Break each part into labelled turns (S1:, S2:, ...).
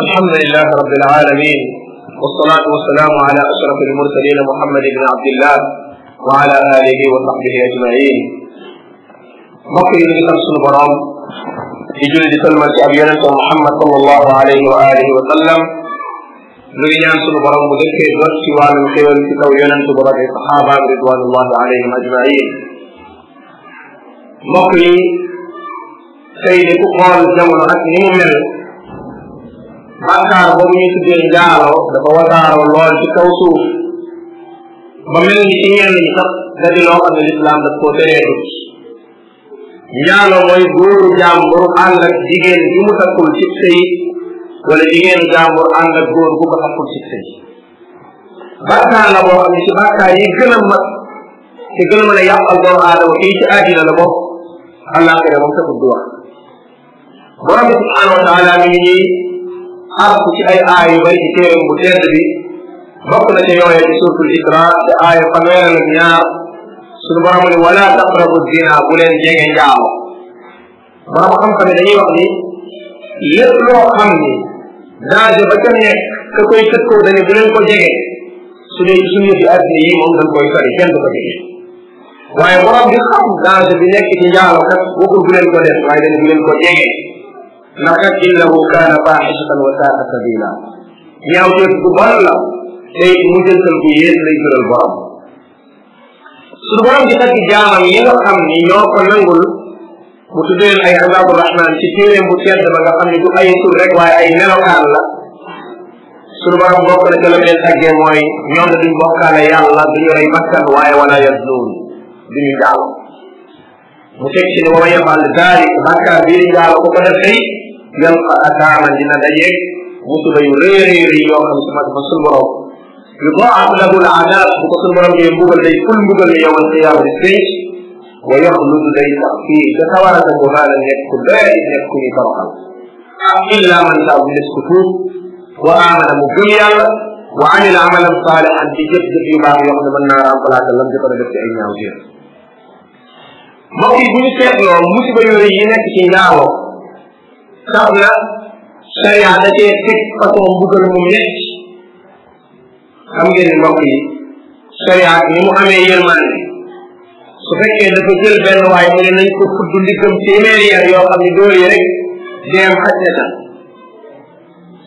S1: alhamdulilah rabi alalamin walsalatu walsalaamu ala ashraf almursalin muhammad ibn abdillah wa ala alihi wa sahbihi ajmain mbokk yi ñu ngi sant sunu borom di julli di salmal ci ab yonente muhammad sallallahu alayhi wa alihi wa sallam ñu ngi ñaan sunu borom bu dëkkee jot ci wàllum xéwal ci kaw yonente bu rafet saxaabaam ridwanullahi alayhim ajmain mbokk yi tey de ku xool jamono ak ni mu mel bàkkaar ba muy tuddee njaaloo dafa wasaaroo lool ci kaw ba mel ni ci ñenn ñi sax da di loo xam ne lislaam daf koo tereetu njaaloo mooy góoru jàmbur ànd ak jigéen bi mu takkul ci sëy wala jigéenu jàmbur ànd ak góor bu ko takkul ci sëy bàkkaar la boo xam ne ci yi gën a mag te gën a mën a yàqal doomu aadama fii ci àddina la bopp àllaaxira moom taxul du wax borom bi subhanahu mi ngi arku ci ay aay yu bari bu tedd bi bokk na ca yooye ci suuratul Isra te aaya fanweer ak ñaar suñu borom ne wala taqrabu zina bu leen jege njaalo borom xam-xam ne dañuy wax ni lépp loo xam ni danger ba ca nekk ka koy tëkkoo dañu bu leen ko jege su dee suñu yëfi àddina yi moom dañ koy sori kenn du ko jege waaye borom bi xam danger bi nekk ci njaalo kat waxul bu leen ko def waaye dañ bu leen ko jege ndax nag innahu kaana faaxisatan wa sabila ñaaw teef bu bon la tey mujjantal bu yées lay jural borom su borom di tagg jaamam yi nga xam ni ñoo ko nangul mu tuddeen ay ibadu rahman ci téeréem bu tedd ba nga xam ne ay tur rek waaye ay melokaan la suñu borom bokk na ca la leen taggee mooy ñoom ne duñ bokkaale yàlla duñu rey bakkan waaye wala yazluun duñu jàll mu teg ci ne wa man yafal dalik bàkkaar bii yàlla ko ko def tey yalqa ataaman dina dajeeg musiba yu rëy rëy rëy yoo xam si ma dafa sunu borom yudaaf lahu al adab bu ko sunu borom yee mbugal day ful mbugal ne yowal qiyaama di sëy wa yaxludu day sax fii da tawarata ko maala nekk ku doy nekk ku ñu toroxal illa man taab des ku tuub wa amana mu gëm yàlla wa amila amalan saalihan di jëf jëf yu baax yoo xam ne mën naa remplacer lam jëkkoon a def ci ay ñaaw mbokk yi bu ñu seetloo musiba yu rëy yi nekk ci njaaloo tax na charia da cee teg façon mbugal mu metti xam ngeen ne mbokk yi charia ni mu amee yërmande su fekkee dafa jël benn waay mu ne nañ ko fudd liggam téeméeri yar yoo xam ne dóor yi rek deem xaj na tam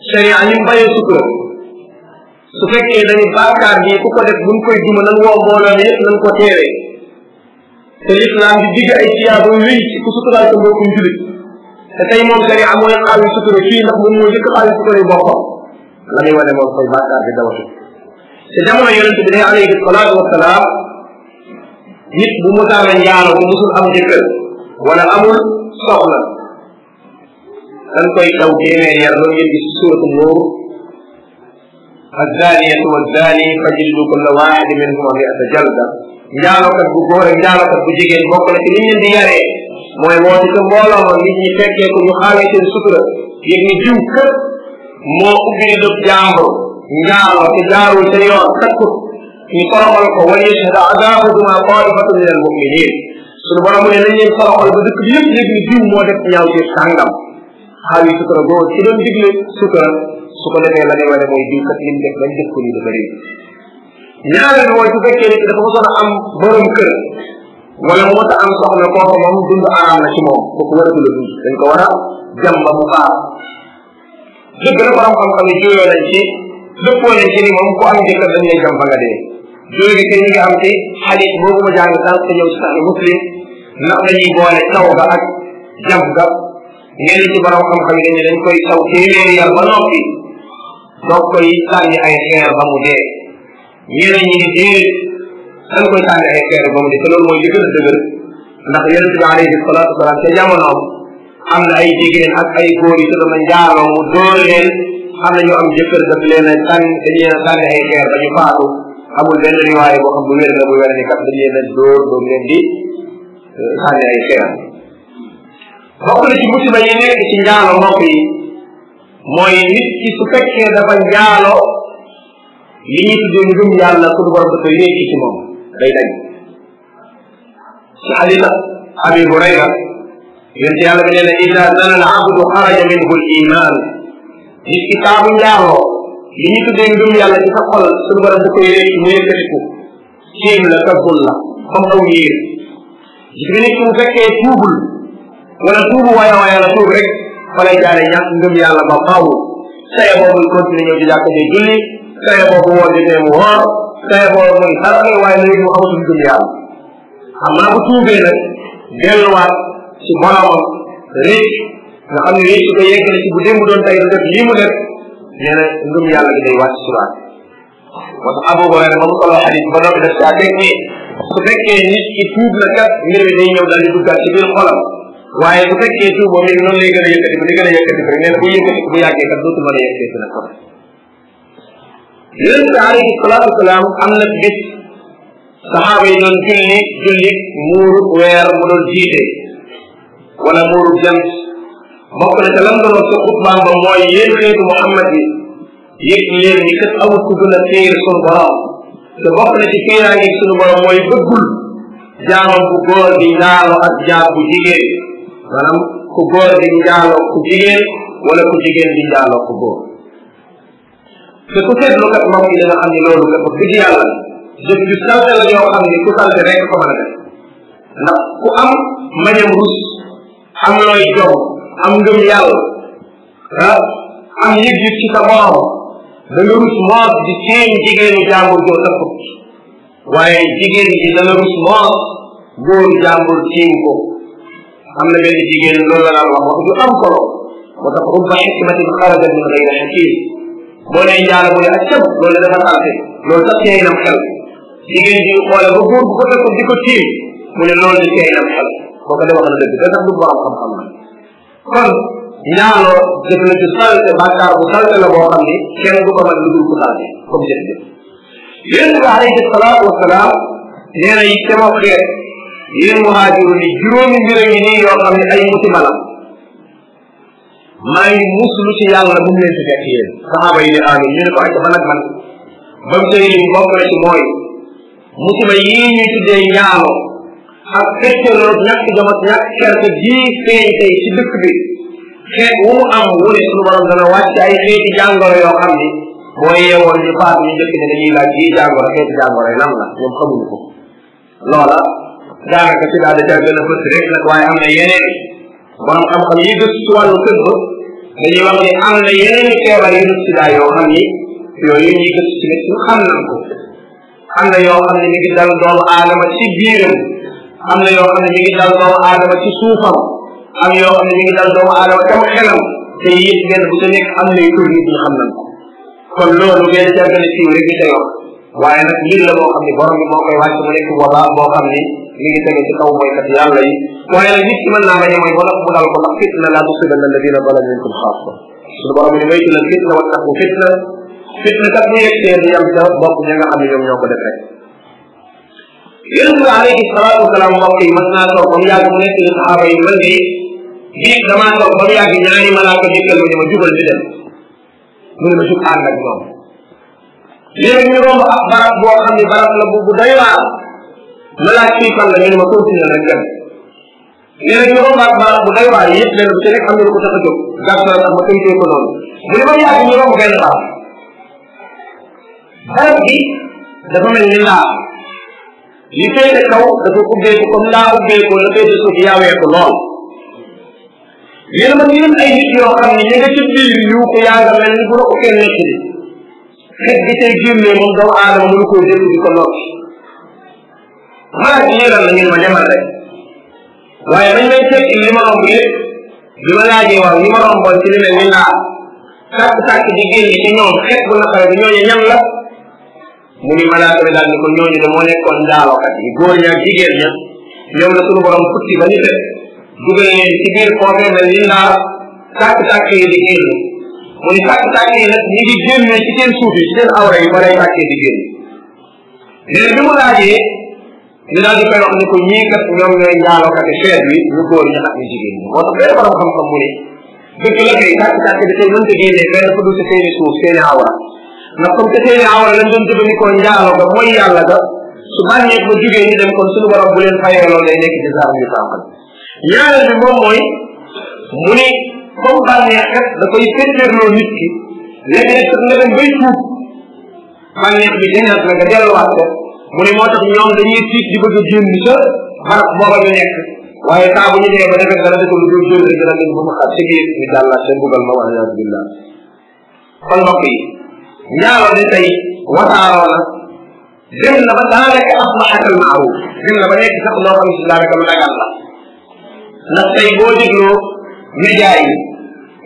S1: charia ni mu bàyyi sukkar su fekkee dañu bàkkaar bi ku ko def buñ koy duma nan woo mbooloo mi nan ko teewee te lislaam di digg ay tiyaaba wéy ci ku suturaal sa mbokkum julit te tey moom sharia mooy xaawi sutura fii ndax moom mooy jëkk xaawi sutura yi boppam la muy wane moom koy bàkkaar bi dawatu te jamono yonente bi ne alayhi salaatu wasalaam nit bu musaana njaaro bu musul am jëkkër wala amul soxna dañ koy daw génnee yar loolu ngeen gis suuratu nuur الزانية والزاني فجلدوا كل واحد منهما مئة جلدة njaalokat bu góor ak njaalokat bu jigéen bokk na ci li ñu leen di yaree mooy woote ca mbooloo ma nit ñi fekkee ko ñu xaawee seen sutura yëg ni jiw kër moo ubbi dëpp jàmbur njaalo te jaarul te yoon takkut ñu toroxal ko wala yashhad adaabahuma taifatun min al muminin suñu borom mu ne nañ leen toroxal ba dëkk bi yëpp yëg ni jiw moo def ñaaw ci sàngam xaawi sutura góor ci doon digle sutura su ko defee la ngay wane mooy jiw kat li mu def bañ def ñaareel mooy su fekkee nit dafa mosoon a am borom kër wala mu mos a am soxna kooku moom dund araam ci moom kooku waratu la dund dañ ko war a jàmba bu baax dëgg la borom xam-xam yi juyoo nañ ci dëppoo nañ ci ni moom ku am jëkkër dañ lay jàmba nga dee juyoo gi kay ñu ngi am ci xadis boobu ma jàng sànq te ñëw ci sax muslim ndax dañuy boole taw ga ak jàmb ga ñenn ci borom xam-xam yi dañ dañ koy taw téeméeri yar ba noppi doog koy sànni ay xeer ba mu dee ñeneen ñi ne déedéet dañ koy tànn ay xeer ba mu loolu mooy li a dëgër ndax yonent bi alayhi salaatu wasalaam ca jamonoom am na ay jigéen ak ay góor yi te doon mu dóor leen am na ñu am jëkkër daf leen a tànn a tànn ay xeer dañu faatu amul benn riwaay boo xam bu wér la bu wér ni kat dañ leen a dóor doon leen di euh, tànn ay xeer bokk na ci musiba yi nekk ci njaalo mbokk mooy nit ki su fekkee dafa njaalo li ñuy tuddee ngëm yàlla suñu borom da koy nekk ci moom day dañ ci xadisa abi hurayra yonte yàlla bi nee na ida nana al abdu xaraja minhu l iman nit ki saa bu njaaroo li ñuy tuddee ngëm yàlla ci sa xol suñu borom da koy nekk mu yëkkatiku ciim la kabbul la comme aw yéer gis nga nit ki mu fekkee tuubul wala tuubu waaya waaya la tuub rek fa lay jaare ñàkk ngëm yàlla ba faaw saye boobu continuer ñëw di jàkk julli saye boobu woor jotee mu woor saye boobu muy xarale waaye léegi mu amatul gëm yàlla xam naa bu tuubee nag delluwaat ci boromam récc nga xam ne récc ko yegg na ci bu démb doon tey def lii mu def nee na ngëm yàlla gi day wàcc si waat moo tax Abu Hurayra ba mu solo xadis ba noppi def ci ak ni su fekkee nit ki tuub na kat mbir mi day ñëw daal di duggaat ci biir xolam waaye bu fekkee tuubam it noonu lay gën a yëkkati bu di gën a yëkkati rek nee na bu yëkkati bu yàggee kat dootul mën a yëkkati nag yonent bi alayhi salaatu wasalaam am na weer mu doon jiite wala muuru jant bokk na ca lan doon sa xutbaam mooy yéen xeetu Muhammad yi yëg leen ñi kat amul ku gën a téer sunu borom te bokk na ci sunu borom mooy bëggul jaamam bu di njaaloo ak jaam bu jigéen maanaam ku góor di njaaloo ku jigéen wala ku jigéen di njaaloo ku góor te ku seetlu kat mbokk yi da nga xam ne loolu kat wax dëgg yàlla jëf ju salte la yoo xam ne ku salte rek ko mën a def ndax ku am mañam rus am looy jox am ngëm yàlla ah am yëg-yëg ci sa borom da nga rus moos di seen jigéenu jàmbur joo sa ko waaye ji da nga rus moos góor jàmbur am na benn jigéen loolu la daan wax ju am solo moo tax rubba xikmatin xaraja min gayri xakim boo nee njaala mu ne ak cëb loolu dafa salté loolu sax teey nam xel jigéen ji xoole ba góor bu ko fekkoon di ko tiim mu ne loolu di teey nam xel kooku de wax na dëgg da tax du borom xam-xam la kon ñaanoo def na ci a bàkkaar bu salté la boo xam ni kenn du ko mën lu dul ku salté comme a jëf yonent bi alayhi salaatu wasalaam nee na it sama xeet yéen muhaajiru ni juróomi mbir a ngi nii yoo xam ne ay musiba la maa ngi muslu ci yàlla bu mu leen fi fekk yéen saxaaba yi ne ñu ne ko ay ko nag man ba mu tey lim bokk na ci mooy musiba yii ñuy tuddee ñaalo ak fekkeloo ñàkk jom ak ñàkk kerke jii feeñ tey ci dëkk bi xeet wu am wu ne suñu borom dana wàcc ay xeeti jàngoro yoo xam ni boo yeewoon ñu faat ñu njëkk ne dañuy laaj yii jàngoro xeeti jàngoro yi lan la ñoom xamuñu ko loola daanaka ci daal di jar gën a fës rek nag waaye am na yeneen borom xam-xam yi gëstu ci wàllu këbb dañuy wax ne am na yeneen feebar yu dul sida yoo xam ni yooyu ñuy gëstu ci médecine xam nañ ko am na yoo xam ne mi ngi dal aadama ci biiram am na yoo xam ne mi ngi dal doomu aadama ci suufam am yoo xam ne mi ngi dal doomu aadama tam xelam te yëpp benn bu am na yu tur nit ñi xam nañ ko kon loolu benn ci gën a siiw rek ñu ca yokk waaye nag mbir la moo xam ne borom bi moo koy wàcc mu nekk wala boo xam ni mi ngi tege ci kaw mooykat yàlla yi waaye nag nit ki mën naa bañ a mooy wala mu dal ko ndax fitna laa tusibanna alladina zalamu minkum xaasa suñu borom ni moytu leen fitna wattaqu fitna fitna kat bu yegsee du yam ca bopp ña nga xam ne ñoom ñoo ko def rek yonente bi alayhi salaatu wasalaam mbokk yi mën naa toog ba mu yàgg mu nekk li saxaaba yi man de bii damaa toog ba mu yàgg ñaari malaaka dikkal ma ne ma jubal di dem mu ne ma jub ànd ak ñoom léegi ñu romb ab barab boo xam ne barab la bu bu doy waar ma laaj fii fan la nga ne ma continuer rek dem nee na ñu rombaat baax bu day waar yëpp leen ci nekk am na ko tax a jóg gàttal tax ma tënkee ko noonu bu ma yàgg ñu romb benn baax dafa mel ni laa li féete kaw dafa ubbeeku comme laa ubbeeku la féete suuf yaawee ko lool yéen ma yéen ay nit yoo xam ne ñi nga ci yu ko yaa nga mel ni bu la ko kenn nekk xet gi tey génnee moom doomu aadama mënu koo jël di ko noppi maa ngi yëgal na ngeen ma demal rek waaye bañ may fekk li ma romb yëpp bi ma laajee waaw li ma romboon ci li mel ni naa sàkk-sàkk di génn ci ñoom xeet bu naqare bi ñooñu ñan la mu ni malaaka bi daal ni ko ñooñu de moo nekkoon daalokat yi góor ñaak jigéen ña ñoom la suñu borom futti ba ñu fet dugal leen ci biir foofee mel ni naa sàkk-sàkk yi di génn mu ni sàkk-sàkk yi di génnee ci seen suuf yi yi ba lay sàkkee di génn léegi bi mu laajee ñu daal di koy wax ni ko ñii kat ñoom ñooy njaalookat xeet wi ñu góor ñi ak jigéen ñi moo tax benn borom xam-xam mu ne dëgg la kay du seeni suuf seeni awra ndax comme seeni awra lañ doon jëfandikoo njaalo ga mooy yàlla ga su bànneek ba jugee ñu dem kon suñu borom bu leen fayee loolu day nekk ci saar ñu tàmbal ñaareel bi moom mooy mu ne comme bànneex kat da koy féttéerloo nit ki léeg-léeg nga delluwaat ko mu ne moo tax ñoom dañuy tiit di bëgg a génn sa barab booba ñu nekk waaye saa bu ñu dee ba defee dara ko lu dul jël rek dana leen ba mu xar ci biir ñu dàllaat seen bugal ma wala yaa billah kon mbokk yi ñaaro di tey wasaaroo na dem na ba daanaka asbaxat al maaruf dem na ba nekk sax loo xam si daanaka lu dagal la ndax tey boo déglu média yi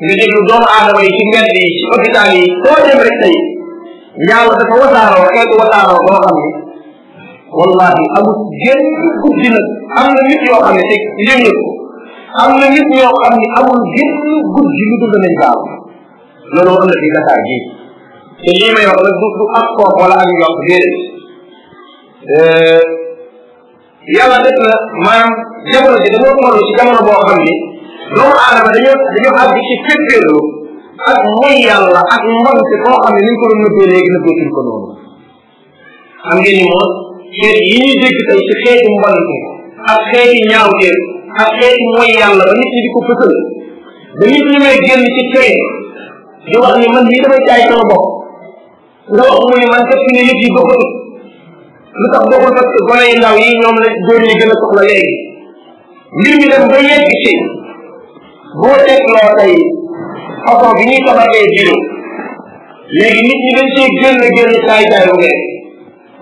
S1: nga déglu doomu aadama yi ci mbedd yi ci hôpital yi soo dem rek tey wallahi amul génn guddi nag am na nit yoo am na nit yoo xam ne amul génn guddi lu dul danañ gaaw loolu am na fi Dakar gii te lii may wax nag du ak koom wala ak yokk déedéet eh, yàlla def na maanaam jamono ji dañoo toll ci jamono boo xam ni doomu aadama dañoo dañoo àgg ci féppéerlu ak muy yàlla ak mbonte koo xam ne ni ñu ko doon nëbbee léegi nëbbeetuñ ko noonu xam ngeen ni moom xeet yi ñuy dégg tey ci xeeti mbalante ak xeeti ñaawteef ak xeeti mooy yàlla ba nit ñi di ko fësal ba nit ñi may génn ci crée di wax ni man lii damay jaay sama bopp nga wax mu man fekk ne yëpp yi bokkatu lu tax bokkul parce que gone ndaw yi ñoom la góor ñi gën a soxla léegi mbir mi dem ba yegg ci boo tegloo tey façon bi ñuy tabaxee jiro léegi nit ñi dañ cee génn génn saay saay lu ngeen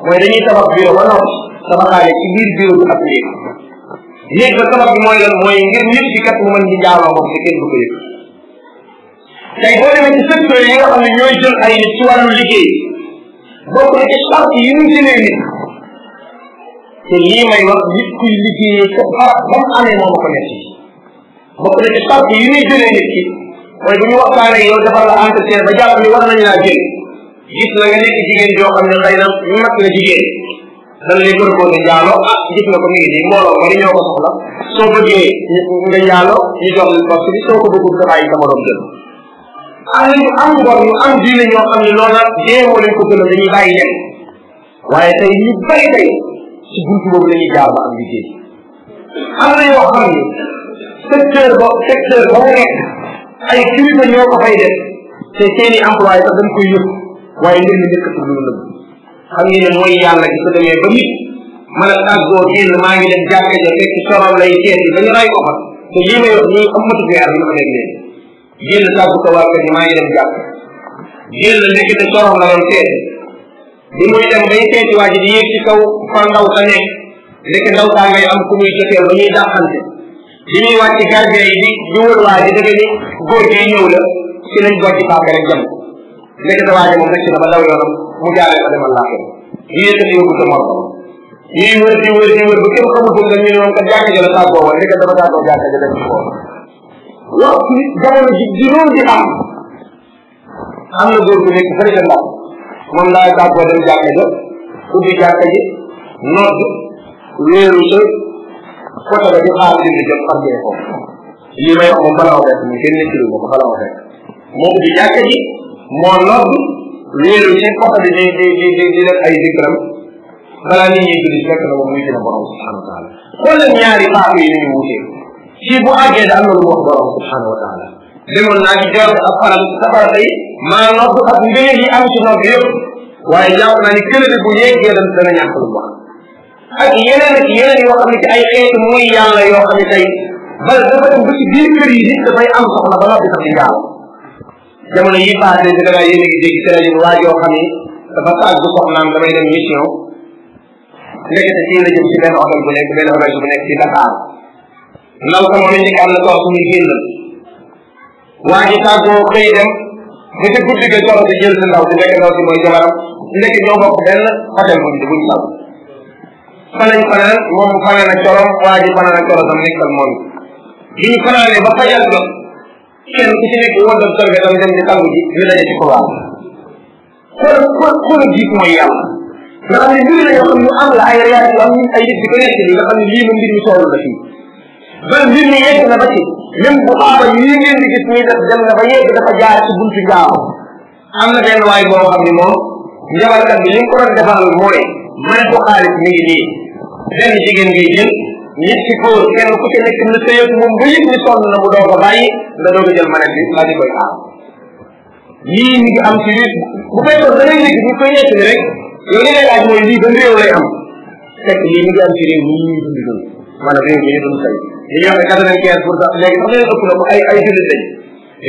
S1: mooy dañuy tabax bureau ba noppi tabaxaale ci biir bureau bi ak néeg néeg ba tabax mooy lan mooy ngir nit bi kat mu mën di njaaloo moom te kenn du ko yëg tey boo demee ci secteur yi nga xam ne ay nit ci wàllu liggéey bokk na ci charte yi ñu jëlee nit nit ki mooy bu ñu waxtaanee yow defal la entretien ba jàpp ni war nañu laa jël gis na nga nekk jigéen joo xam ne xëy na mat na jigéen dañ lay proposé njaaloo ah gis na ko mi ngi nii mbooloo bari ñoo ko soxla soo bëggee nga njaaloo ñu jox la bopp bi soo ko bëggul nga bàyyi sama doom jël am am ngor loola dee moo leen ko gënal dañuy bàyyi dem waaye tey ñu bari tey ci buntu boobu la ñuy jaar ba am liggéey am na yoo xam ne secteur ba secteur ba mu nekk ñoo ko fay def te seen i employé sax dañ koy yëpp waaye ngeen di nekk pour lu lëbb xam ngeen ne mooy yàlla gi su demee ba nit mën a maa ngi dem jàkka ja fekk soral lay teen bi dañu ray ko fa te lii may wax nii amatu fi yàlla ñu ko def léegi génn tàggu ko waa maa ngi dem jàkk génn nekk te soral la doon teen bi muy dem bay seeti waa ji di yéeg ci kaw fa ndaw sa nekk nekk ndaw saa ngay am ku muy joteel ba ñuy dàqante bi muy wàcc gardien yi di di wër waa ji dëgg ni góor gi ñëw la ci lañ bojj paaka rek nekk sa waaje moom rek ci dafa daw yoonam mu jaaree ba demal laaxee yéesal yóbbu sa morom ñuy wër di wër di wër ba kenn xamul ko dañu ne woon kat jàkka ja la tàggoo woon nekk dafa tàggoo jàkka ja dem ko loolu ci jamono ji di loolu di am na góor bu nekk fële ca ndaw moom laay tàggoo dem jàkka ja ubbi jàkka ji nodd wéeru sa côté ba di xaar dindi jëm mu génne ci lu moo noppi wéeru ci côté bi di di di di di def ay zikram balaa nit ñi julli fekk na moom muy dina borom subhanahu wa taala xool leen ñaari baatu yi ñu wutee kii bu àggee da am na lu wax borom subhanahu wa taala demoon naa ci jor ak faral safara tey maa nopp ak mbir yi am ci nopp yëpp waaye jàpp naa ni kële bi bu yeggee dana dana ñàkk lu baax
S2: ak yeneen ak yeneen
S1: yoo xam ne ci ay xeetu muy yàlla yoo xam ne tey bala dafa dem ba ci biir kër yi nit dafay am soxla ba noppi sax di yàlla jamono yi passé si dangay yéen a ngi dégg ci rajo bi waa joo xam ni dafa tàgg bu soxnaam damay dem mission ndekete ci la jëm ci benn hôtel bu nekk bu nekk ci Dakar ndaw sama mel ni am na toog suñuy génn waa ji tàggoo xëy dem ba ci guddi ga coro si jël si ndaw si ndekk ndaw si mooy jabaram ndekk ñoo bokk benn hôtel bu buñ taw fa lañ fanaan moom fanaan ak corom waa ji fanaan ak coro sam nekkal moom bi ñu fanaanee ba fajal jot kenn ku ci nekk woon doon sorge tam dem di sangu ji ñu daje ci xuraan xool xool xoolu jiit mooy yàlla nga xam ne mbir la yoo xam ne am la ay réalité am ñu ay nit di ko nekk li la fii ba mbir mi yegg na ba ci même bu xaaba yi ngeen di gis muy def dem na ba yegg dafa jaar ci buntu njaamu am na benn waay boo xam ne moom njabarkat bi li mu ko doon defal mooy may ko xaalis mi ngi nii benn jigéen ngay jël ñetti góor kenn ku ci nekk na sëyeeg moom ba yëg ni sonn na mu doog a bàyyi nga doog a jël manet bi di koy aar lii mi ngi am ci bu fekkoon da ngay dégg ñu koy ni rek yow li ngay laaj mooy lii ban réew lay am fekk lii mi ngi am ci réew mi ñuy dund dund maanaam réew mi li ñuy wax ne quatre vingt quinze pour cent léegi sax leen ëpp na ko ay ay jullit lañ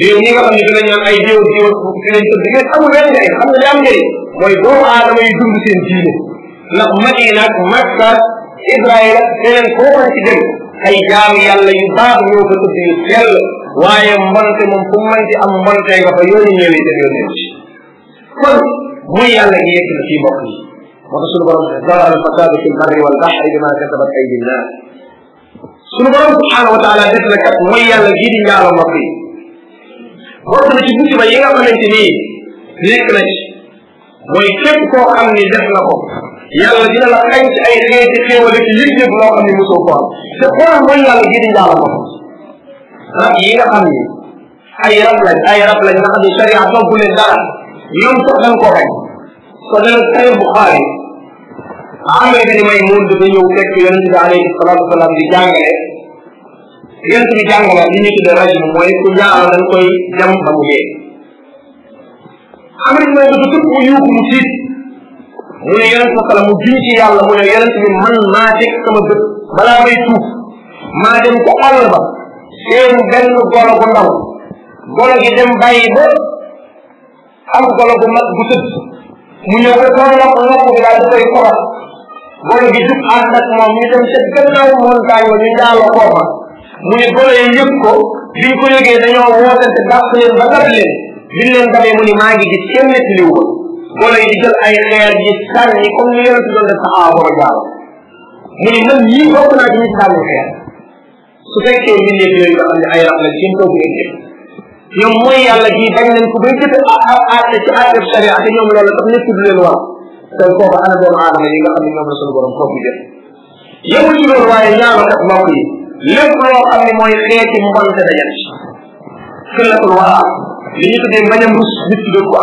S1: réew ñi nga ne dinañ naan ay jiw jiw ci lañ tëdd ngeen amul benn njëriñ xam nga li am njëriñ mooy doomu aadama yi dund seen diine ndax mag yi nag mag Israayila beneen koo mën ci dem ay jaamu yàlla yu baax ñoo ko tudd yu sell waaye mbonte moom fu am mbonte nga fa yoonu ñëwee te yoonu ci kon muy yàlla gi yegg na fii mbokk yi moo tax sunu al-fasaadu fi al-barri wal-bahri bimaa kasabat aydi an-naas sunu borom subhaanahu wa taala def na kat mooy yàlla gii di njaalo mbokk yi bokk na ci musiba yi nga ko yàlla dina la xañ ci ay xeeti xéewal ak yëg-yëg loo xam am te xoolal mooy yàlla gi di yàlla moom rab yi nga xam ni ay rab lañ ay rab lañ nga xam ne sharia togg leen dara ñoom sax dañ ko xañ so dana say Buxaari amee bi ni may mun dafa ñëw fekk yonent bi bi jàngale li ñu tuddee rajm mooy ku ñaaral dañ koy jam ba mu am nañ mooy dafa tëpp yuuxu mu tiit mu ne yonent sa sala mu jiñ ci mu ne yonent bi man maa teg sama bët balaa may tuuf maa dem ko àll ba seen benn golo bu ndaw golo gi dem bàyyi ba am golo bu mag bu tëdd mu ñëw ba sama nopp nopp bi daal di koy korat gi jub ànd ak moom ñu dem ca gannaaw montagne ñu daal koofa mu ne golo yi yëpp ko biñ ko yëgee dañoo wootante dàq leen ba dab leen biñ leen dabee mu ne maa ngi gis kenn nettaliwu wala yi jël ay xeer yi sànni comme ni yonent doon def saxaaba ba jaara mu ne man ñii bokk naa ci ñi sànni xeer su fekkee mbindeef yooyu nga xam ne ay rab la seen kaw bi indi ñoom mooy yàlla gii bañ nañ ko bay jëfe àtte ci àtte sharia te ñoom loolu tax nekk du leen war te kooku ana doomu aadama yi nga xam ne ñoom la suñu borom foofu def yemul ci loolu waaye ñaama kat mbokk yi lépp loo xam ne mooy xeeti mbonte dajan ci këllatul waa li ñu tuddee ko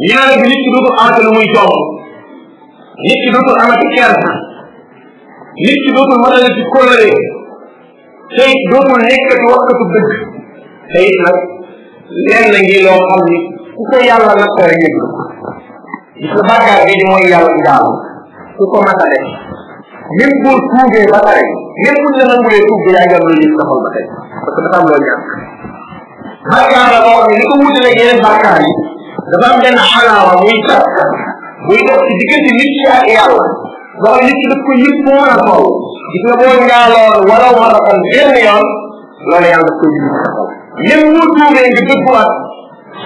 S1: ñaareel bi nit ki dootul amati lu muy jox nit ki dootul amati kersa nit ki dootul mën a dëgg te leen na ngi loo xam ku ko yàlla nag ko rek gis nga bàkkaar bi di mooy yàlla ndaal ku ko matale même boo tuubee ba pare même bu la nangulee tuub bi yaa ngi am lu ñu taxal ba tey parce loo ñàkk bàkkaar la boo xam ne li ko wutale yeneen bàkkaar dafa am benn xalaala muy tax muy dox ci diggante nit ki ak yàlla loolu nit ki daf ko yëpp mu mën a xool gis nga boo ñaaloon war a kon benn yoon loolu yàlla daf ko mu tuubee nga dëgguwaat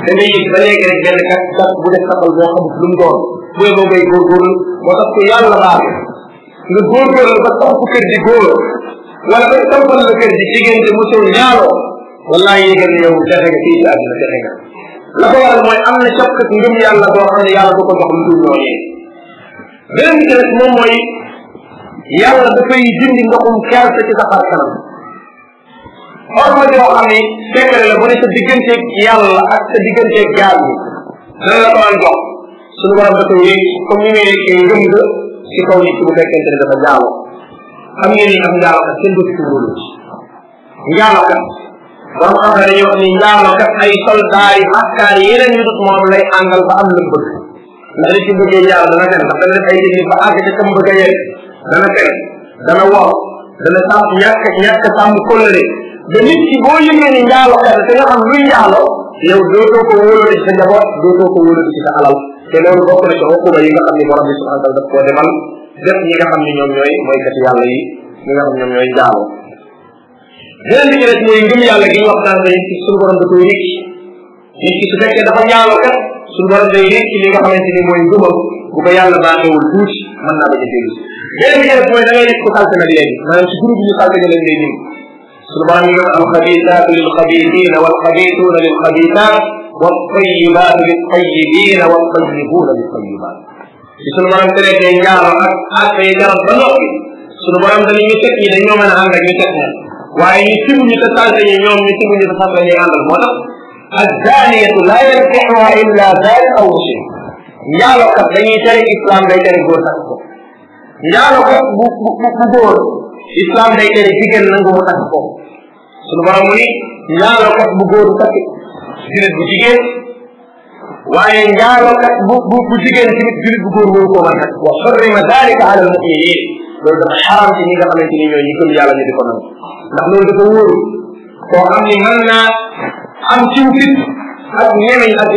S1: da ngay ba léegi rek benn kat kat bu def saxal boo xamut lu mu doon booy boo ngay góorgóorlu ba samp la kër di jigéen te mu soo ñaaloo wallaay yëgal ne yow jafe nga fii ci àdduna jafe nga la ko waral mooy am na capka ci ngëm yàlla boo xam ne yàlla du ko jox lu dul ñooñee beneen bi ci des moom mooy yàlla dafay dindi ndoxum kersa ci sa xar ni secret la bu ne sa digganteeg la ko an jox suñu borom da koy yëg comme ni ngay yëkkee ngëm ci kaw nit ne dafa jaawo xam ngeen ni am njaaloo kat kenn dootu ci wóolu ba a xam ne dañuy wax ni njaalo kat ay soldaar yi askaar yeneen yu lay àndal ba am lu mu bëgg ndax li ci bëggee njaalo dana fen ndax dana def ay technique ba àgg ca kam bëgg a yegg dana fen dana wor dana sàmm ñàkk ñàkk sàmm kóllëre ba nit ki ni njaalo kat te nga xam luy njaalo yow dootoo ko wóolati ci sa njaboot dootoo ko wóolati ci sa alal te loolu bokk na ci xukuma yi nga xam ni borom bi subhanahu wa taala daf nga xam ni ñoom ñooy mooy kat yàlla yi nga xam ñoom ñooy njaalo beneen bi ci des mooy ngëm yàlla gi ñu wax naan nit ki suñu borom da koy rëcc nit ki su fekkee dafa ñaawal kat suñu borom day rëcc li nga xamante ni mooy ngëmam bu ko yàlla baaxewul tuuti mën naa ba ci déglu beneen bi ci des mooy da ngay ko salte na léegi maanaam si groupe ñu salte nga leen ngay dim suñu borom ñu naan alxabitaatu lilxabitina walxabituuna lilxabitaat wattayibaatu littayibina wattayibuuna littayibaat si suñu borom traité njaalo ak ak ay garab ba noppi suñu borom dañu ñu teg ñi dañoo mën a ànd ak ñu teg ña waaye ñu sibuñu te sànqñi ñoom ñu sibuñu te sànq ñuy àndal moo tax azzaaniyatu laa yankixuha illa zaan aw mushrik njaalokat dañuy tere islam day tere góor takk ko njaalokat bu bu bu góor islam day tere jigéen nangu mu takk ko sunu borom mu ni njaalokat bu góor takk julit bu jigéen waaye njaalokat bu bu bu jigéen tamit julit bu góor waru koo mën takk wa xurrima dalika ala almuminin lool dafa xaram ci ñi nga xamante ni ñooy ñi gëm yàlla ñu di ko nangu ndax loolu dafa wóoru koo xam ni mën naa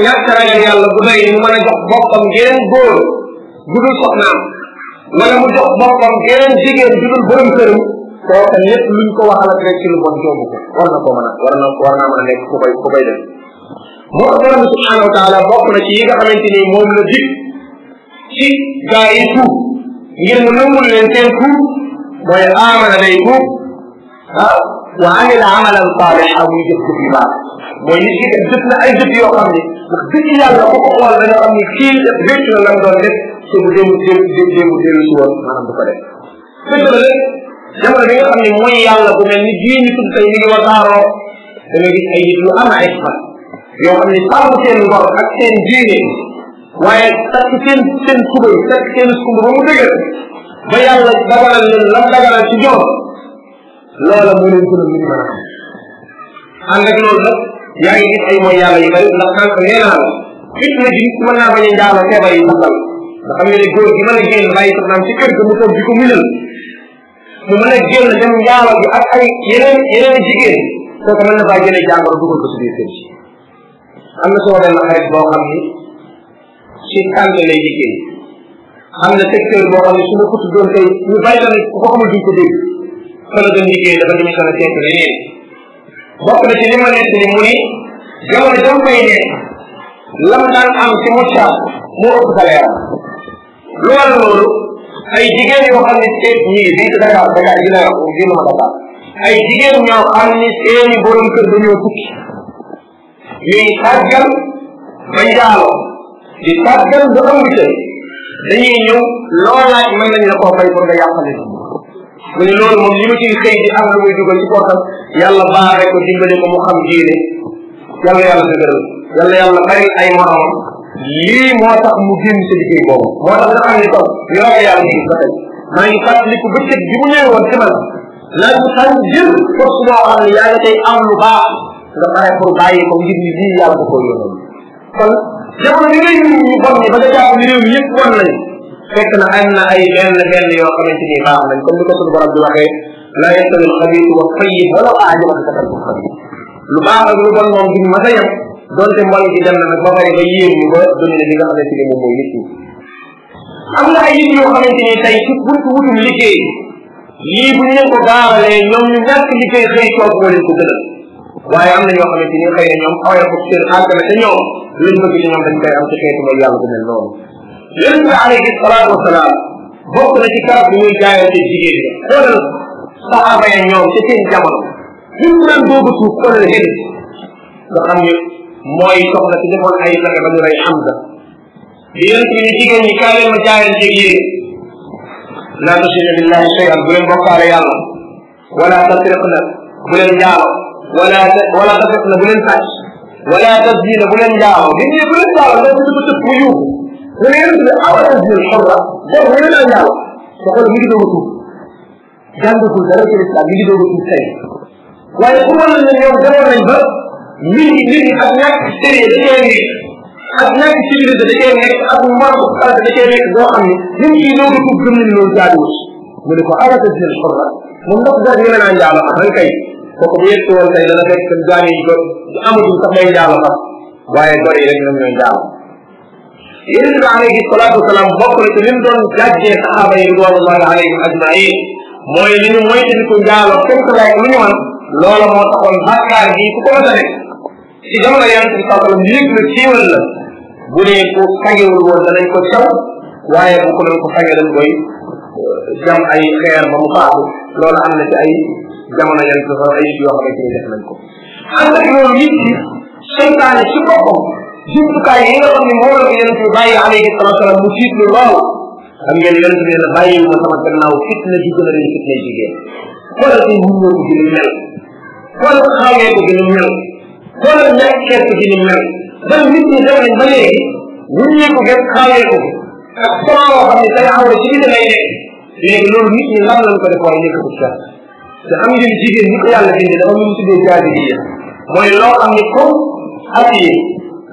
S1: am yàlla bu doy mu a jox boppam geneen góor bu dul soxnaam wala mu jox boppam geneen jigéen bu dul borom këram luñ ko waxal ak rek ci lu bon ko war a war na war naa mën a ci yi nga xamante moom la dig ci gaa yi tuub ngir mu nangul leen seen tur mooy amana day tuub ah wa amila amalan saaliha muy jëf jëf yu baax mooy nit ki kat jëf na ay jëf yoo xam ne wax dëgg yàlla ku ko xool da nga xam ne kii réccu na lam doon def te bu démb démb démb démb dellu si woon maanaam du ko def fekk na nag jamono bi nga xam ne mooy yàlla bu mel ni jii ñu tudd tey mi ngi wasaaroo da nga gis ay nit lu am ay fan yoo xam ne sàmm seen ngor ak seen diine waaye takk seen seen kubay takk seen sumb ba mu dëgër ba yàlla dagalal leen lam dagalal ci joom loola moo leen gënal li ñu mën a am ànd ak loolu nag yaa ngi gis ay mooy yàlla yu bëri ndax sànq nee naa la fitna ji mën naa bañ a njaalo feebar yi saxal nga xam ne ne góor gi mën a génn bàyyi soxnaam ci a génn dem njaalo ak ay yeneen yeneen jigéen kooku mën na faa jëlee jàngoro dugal ko ci biir kër gi na soo benn xarit boo xam ni ci tànn lay liggéey am na secteur boo xam ne su ma ko tuddoon tey ñu bàyyi tamit ko xamul duñ ko dégg fa la doon liggéey dafa dem sama seet leneen bokk na ci li ma nekk ni mu ni jamono jam koy nekk lam daan am ci mu saab moo ëpp salaire loolu loolu ay jigéen yoo xam ne seet ñii la ma Dakar ay jigéen ñoo xam ni seeni borom kër dañoo tukki ñuy tàggal ba njaaloo di tàggal ba am bi tey dañuy ñëw loo laaj mën nañ la koo fay pour nga yàqale mu ne moom li ma ciy xëy am lu muy dugal ci portal yàlla baare ko dimbale ko mu xam diine yàlla yàlla dëgëral yàlla yàlla bari ay moroom lii moo tax mu génn sa liggéey boobu moo tax nga xam ni kon yoo nga yàlla ñu ba tey maa ngi bëccëg bi mu ñëwee woon ci man lan san jël pour su boo xam ne yaa la tey am lu baax nga pare pour bàyyi ko ngir ni lii yàlla da koo yónnoon kon jamono bi ngay ñu bon ñi ba nga jàpp ni réew yëpp won nañ fekk na am na ay benn benn yoo xamante ni baax nañ comme ni ko suñu borom di waxee laa yastawi alxabiisu wa tayyib walaw aajabaka kasratul xabiis lu baax ak lu bon moom duñ mas a yem donte mbol gi dem na nag ba pare ba yéem ñu ba duñu ne li nga xamante ni moom mooy nit ñi am na ay nit yoo xamante ni tey ci wut wutum liggéey lii bu ñu leen ko gaaralee ñoom waaye am na ñoo xamante ni xëy na ñoom xawee ko seen àggale te ñoom luñ bëgg ci ñoom dañ koy am ci xeetu mooy yàlla bu mel noonu yonent bi alayhi salaatu wasalaam bokk na ci karab bi muy jaayante jigéen ñi xoolal saxaaba ya ñoom ci seen jamono ñu naan boobu tuub xoolal hen nga xam ni mooy soxna si defoon ay naka ba ñu rey Hamza bi yonent bi ne jigéen ñi kaay leen ma jaayante yéen laa tushrika billahi shay'an bu leen bokkaale yàlla wala tasriqna bu leen njaalo wala wala taxas na bu leen sàcc wala tasdina bu leen njaaloo nit ñi bu leen njaaloo ndax bu tëb mu yuuxu mu ne yonent bi awa tasdina xorra bor mu leen a njaaloo sa xol mi ngi doog a tuub jàngagul dara ci lislaam mi ngi doog a tuub tey waaye pour wala ne ñoom demoon nañ ba mbir yi mbir yi ak ñàkk sérieux da cee nekk ak ñàkk civilisé da cee nekk ak mbaru xalaat da cee nekk boo xam ne ñun ñii doog a tuub gëm nañ loolu jaaduwul mu ne ko awa tasdina xorra moom ndox dara ñu leen a njaaloo ak kay kooku bu yegg woon tey dana fekk seen gaal yi jot du amatul sax may njaalo sax waaye gor yi rek ñoom ñooy njaalo yonent bi alayhi salaatu wasalaam bokk na ci li mu doon jàjjee saxaaba yi ridwanullahi alayhim ajmain mooy li ñu mooy ko njaalo képp laay lu ñu man loola moo taxoon bàkkaar gi ku ko mën a nekk ci jamono yonent bi saa sallam yëg na siiwal la bu dee ku sangewul woon danañ ko caw waaye bu ko doon ko sange dañ koy jam ay xeer ba mu faatu loolu am na ci ay jamono yan dafa ay nit yoo xamante ni def nañ ko ànd ak loolu nit ki seytaane ci boppam jumtukaay yi nga xam ne moo la ko yonent bi bàyyi alayhi salatu wasalam mu tiitlu loolu xam ngeen yonent bi la bàyyi ma sama gannaaw fitna ji gën a rëy fitna jigéen wala si mun ñoo ko gën a mel wala xawee ko gën a mel wala ñàkk kees ko gën a mel ndax nit ñi dem nañ ba léegi wuññee ko gën xawee ko ak solo xam ne say awra ci biir lay nekk léegi loolu nit ñi lan ko def waaye nekkul sax te xam ngeen jigéen ñi ko yàlla bind dafa ñu tuddee jaabi yi mooy loo xam ne comme at yi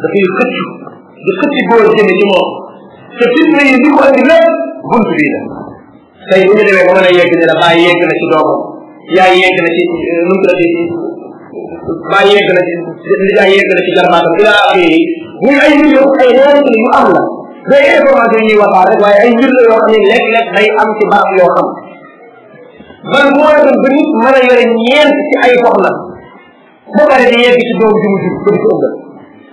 S1: dafay xëcc di xëcc góor ko andi lépp bunt bii la tey bu ñu demee ba a yegg ne la bàyyi yegg na ci doomam yaay yegg na ci nu mu tuddati bàyyi yegg na ci yaay yegg ay nit yoo ay ñaari am la day information ñuy waxaat rek waaye ay mbir la yoo xam ne léeg-léeg day am ci barab yoo xam man mooy doon ba nit mën a yore ñeent ci ay soxna ba pare di yegg ci doom ju mu jur ko di ko ëmbal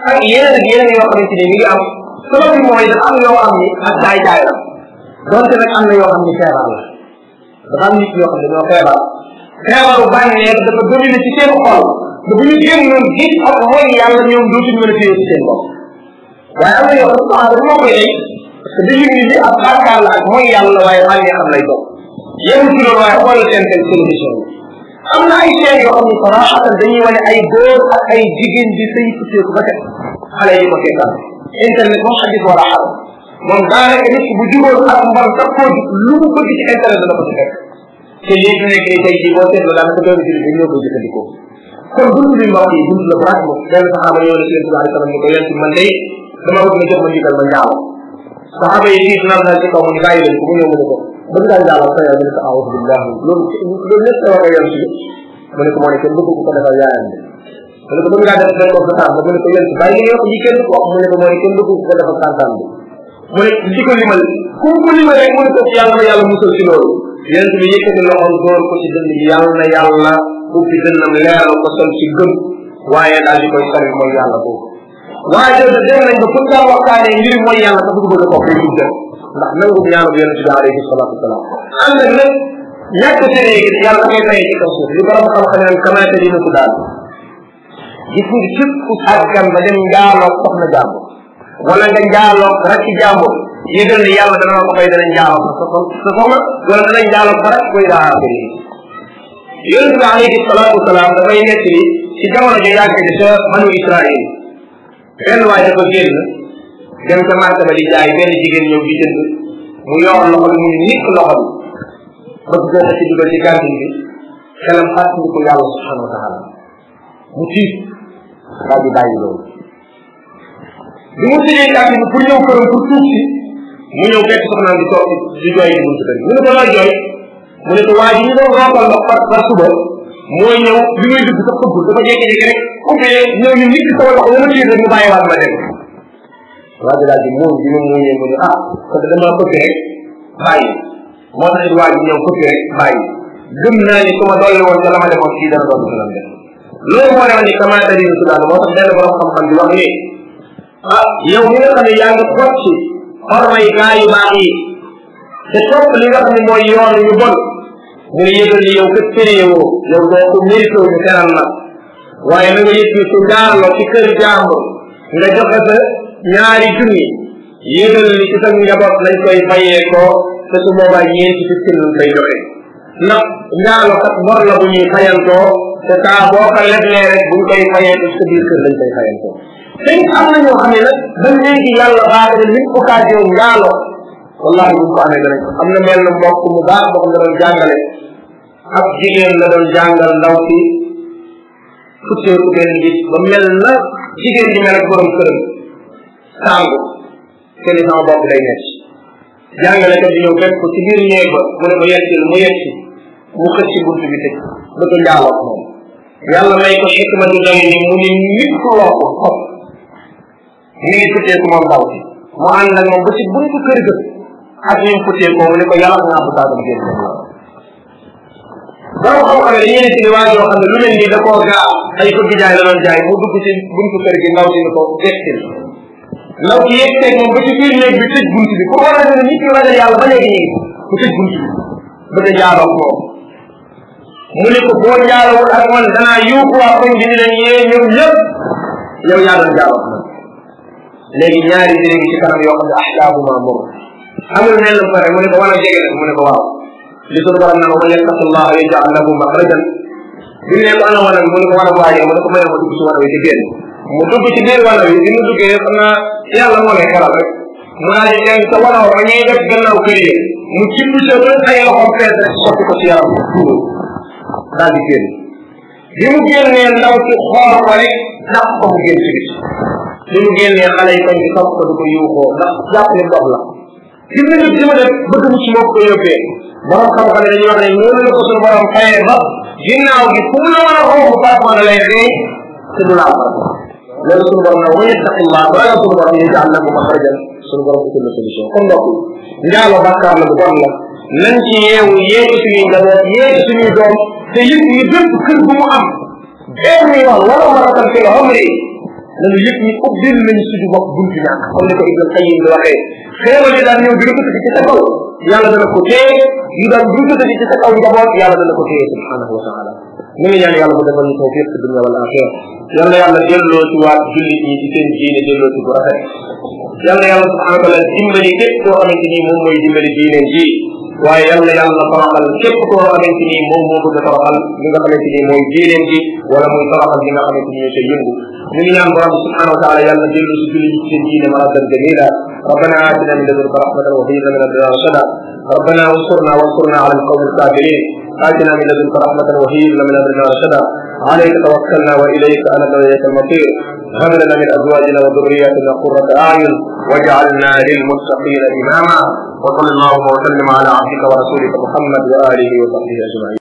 S1: ak yeneen ak yeneen yoo xamante ne ñu ngi am solo bi mooy dafa am yoo xam ni ak daay daay la donte nag am na yoo xam ni feebar la dafa am nit yoo xam ne ñoo feebar feebaru bànneex dafa domine ci seen xol ba bu ñu génn ñoom gis ak mooy yàlla ñoom dootuñu mën a téye ci seen bopp waaye am na yow saa bu ma koy dee parce que dañuy indi ab bàkkaar la ak mooy yàlla waaye maa ngi xam lay doon yéen ci loolu waaye xoolal seen seen télévision bi am na ay chaîne yoo xam ne saraaxatan dañuy wane ay góor ak ay jigéen di sëy futteeku ba tey xale yi ko seetaan internet moom xadis wala xaram moom daanaka nit bu jugoon ak mbar sakkoo lu mu bëgg ci internet dana ko ci fekk te lii ñu nekkee tey jii boo seetloo daanaka doon ci li ñoo koy jëfandikoo kon bunt bi mbokk yi bunt la bu ràcc moom benn saxaaba ñëw na ci yéen sallallahu alayhi wa sallam ni ko yéen ci man day dama bëgg nga jox ma ndigal ma njaaloo saxaaba yi tiit naan naa ci kaw mu ni bàyyi leen ko mu ñëw mu ne ko bëgg ngaa njaaloo sa yaay mu ne ko aawuzu billahi loolu loolu lépp dama ko yem ci mu ne ko moo ne kenn bëgg ko defal yaayam bi mu ne ko bëgg ngaa def benn bopp sa mu ne ko yem ci bàyyi ngeen ko ñi kenn ko mu ne ko moo ne kenn bëgg ko defal tàntaan bi mu ne di ko limal ku ko limal rek mu na yàlla la ci loolu yonent bi yëkkati loxoom ko ci dënd bi ko gëm waaye daal di koy sori mooy yàlla waaye jooju dem nañ ba fuñ daa waxtaanee ngir mooy yàlla te bëgg bëgg a topp yi ndax nangu ñaanu yonent bi alayhi salaatu wasalaam ànd ak nag ñàkk seenee gis yàlla da koy fayee ci kaw suuf li borom xam-xam naan kamaate li ko daal gis nga képp ku sàggan ba dem njaaloo soxna jàmbur wala nga njaaloo rakki jàmbur yëgal ne yàlla dana la ko fay dana njaaloo sa sa soxna wala dana njaaloo ba rek koy daa affaire yonent bi alayhi salaatu wasalaam dafay nekk ci jamono ji yàgg ci sa banu Israël benn waay dafa génn dem ca marché ba di jaay benn jigéen ñëw di jënd mu yor loxo bi mu ngi nikk loxo bi bëgg gën a ci dugal ci gàttin bi xelam fàttali ko yàlla subhanahu wa taala mu tiit daal di bàyyi loolu bi mu tëjee gàttin bi pour ñëw këram pour tuub si mu ñëw fekk soxnaam di toog di jooy di buntu kër mu ne ko looy jooy mu ne ko waa ji ñu doon rombal ndox par par suba mooy ñëw li muy dugg sax xëpp dafa jékki-jékki rek coupé ñëw ni nit ki sama wax wala tiir rek mu bàyyi waat ma dem waa ji daal di moom bi moom ñëw mu ne ah kon de dama coupé rek bàyyi moo tax it ñëw coupé rek bàyyi gëm naa ni su ma dolli woon la ma defoon kii dana doon dana dem loolu moo demal ni dari su daal moo tax benn borom xam-xam bi wax ni ah yow mi nga xam yaa ngi xocc xormay gaa yu baax yi te topp li nga xam mooy yoon yu bon mu ngi yëgal yow kat sérieux yow doo ko mérité ñu teral waaye na nga yëg ni su jaarloo ci kër jàmbur nga joxe sa ñaari junni yëgal ni ci sa njaboot lañ koy fayee koo te su boobaa ñeenti ci kin lañ koy joxe ndax njaalo kat bor la bu ñuy fayantoo te saa boo ko leblee rek buñ koy fayee te sa biir kër lañ koy fayantoo te am na ñoo xam ne nag ba léegi yàlla baax na li occasion njaalo wallahi buñ ko amee danañ ko am na mel na mbokk mu baax boo xam ne doon ab jigéen la doon jàngal ndaw si futteeku benn gis ba mel na jigéen ñi mel ak borom këram sàngu te ni sama bopp day nekk jàngale kat di ñëw fekk ko ci ba mu ne mu yegsi mu xëcc ci bunt bi tëj bëgg njaaloo moom yàlla may ko xikma du doy ni mu ni nit loo ko xob mi ngi futteeku mu ànd ak moom ba kër ga ak ni mu mu ne ko yàlla naa bu taagam génn borom xam-xam ne yéen ci waa joo xam lu mel nii da koo ay bëgg jaay la doon jaay mu dugg ci buntu kër gi ndaw si ni ko yegsil ndaw si yegseeg moom ba ci biir néeg bi tëj buntu bi ko waral ne nit ki ragal yàlla ba léegi nii mu tëj buntu bi bëgg a jaaroo ko mu ne ko boo jaarawul ak man danaa yuuxu waa koñ bi ni leen yee ñoom ñëpp yow yaa doon jaaroo léegi ñaari léegi ci kanam yoo xam ne ah jaabu maa moom amul mel na pare mu ne ko wala jege mu ne ko waaw li suñu borom naan wa yattaqillaha yaj'al lahu makhrajan bi mu ne ko ana wala mu ne ko war a waajee mu ne ko mayee ma dugg si wala wi mu ci biir wala wi bi mu duggee xam naa yàlla moo lay xelal rek mu naa ji leen sa ci mu sa ba ay loxom fees si yaram tuuru di génn bi mu génnee ndaw si xool ko rek ndax ko mu génn si bis bi mu la gis nga nit ki ma def bëgg mu ci moo ko yóbbee borom xam-xam dañuy wax ne noonu la ko suñu borom fayee ba ginnaaw gi fu mu la mën a romb parfois da lay ree te du laal loolu suñu borom nag wa yattaqillah ba la suñu borom yajal lahu maxrajan suñu borom utul la solution kon donc njaalo bàkkaar la bu bon la nañ ci yeewu yéegi suñuy njaboot yéegi suñuy doom te mu am benn yoon wala maratan fi l umri nañu yëpp ñu ubbil nañu suñu bopp buntu ñàkk comme ni ko Ibn Qayyim di waxee xéewal yi daan ñëw di rëkkati ci sa kaw yàlla dana ko téye yu daan rëkkati ci sa kaw njaboot yàlla dana ko téye subhanahu wa taala ñu ngi ñaan yàlla mu defal ñu tawfiq ci dunya jullit ñi ci seen diine delloo ci bu rafet yal na yàlla subhanahu wa taala dimbali képp koo xamante ni moom mooy dimbali ji waaye yal na yàlla toroxal képp koo xamante ni moom moo bëgg a toroxal li nga xamante ni mooy diineem ji wala muy toroxal li nga xamante ni ñoo cay yëngu ñu ngi ñaan borom subhanahu wa taala yàlla dellu si julli ci seen diine maratan jamila ربنا آتنا من لدنك رحمة وهب لنا من أمرنا رشدا ربنا انصرنا وانصرنا على القوم الكافرين آتنا من لدنك رحمة وهب لنا من أمرنا رشدا عليك توكلنا وإليك أنبنا إليك المصير هب لنا من أزواجنا وذرياتنا قرة أعين واجعلنا للمتقين إماما وصل اللهم وسلم على عبدك ورسولك محمد وآله وصحبه أجمعين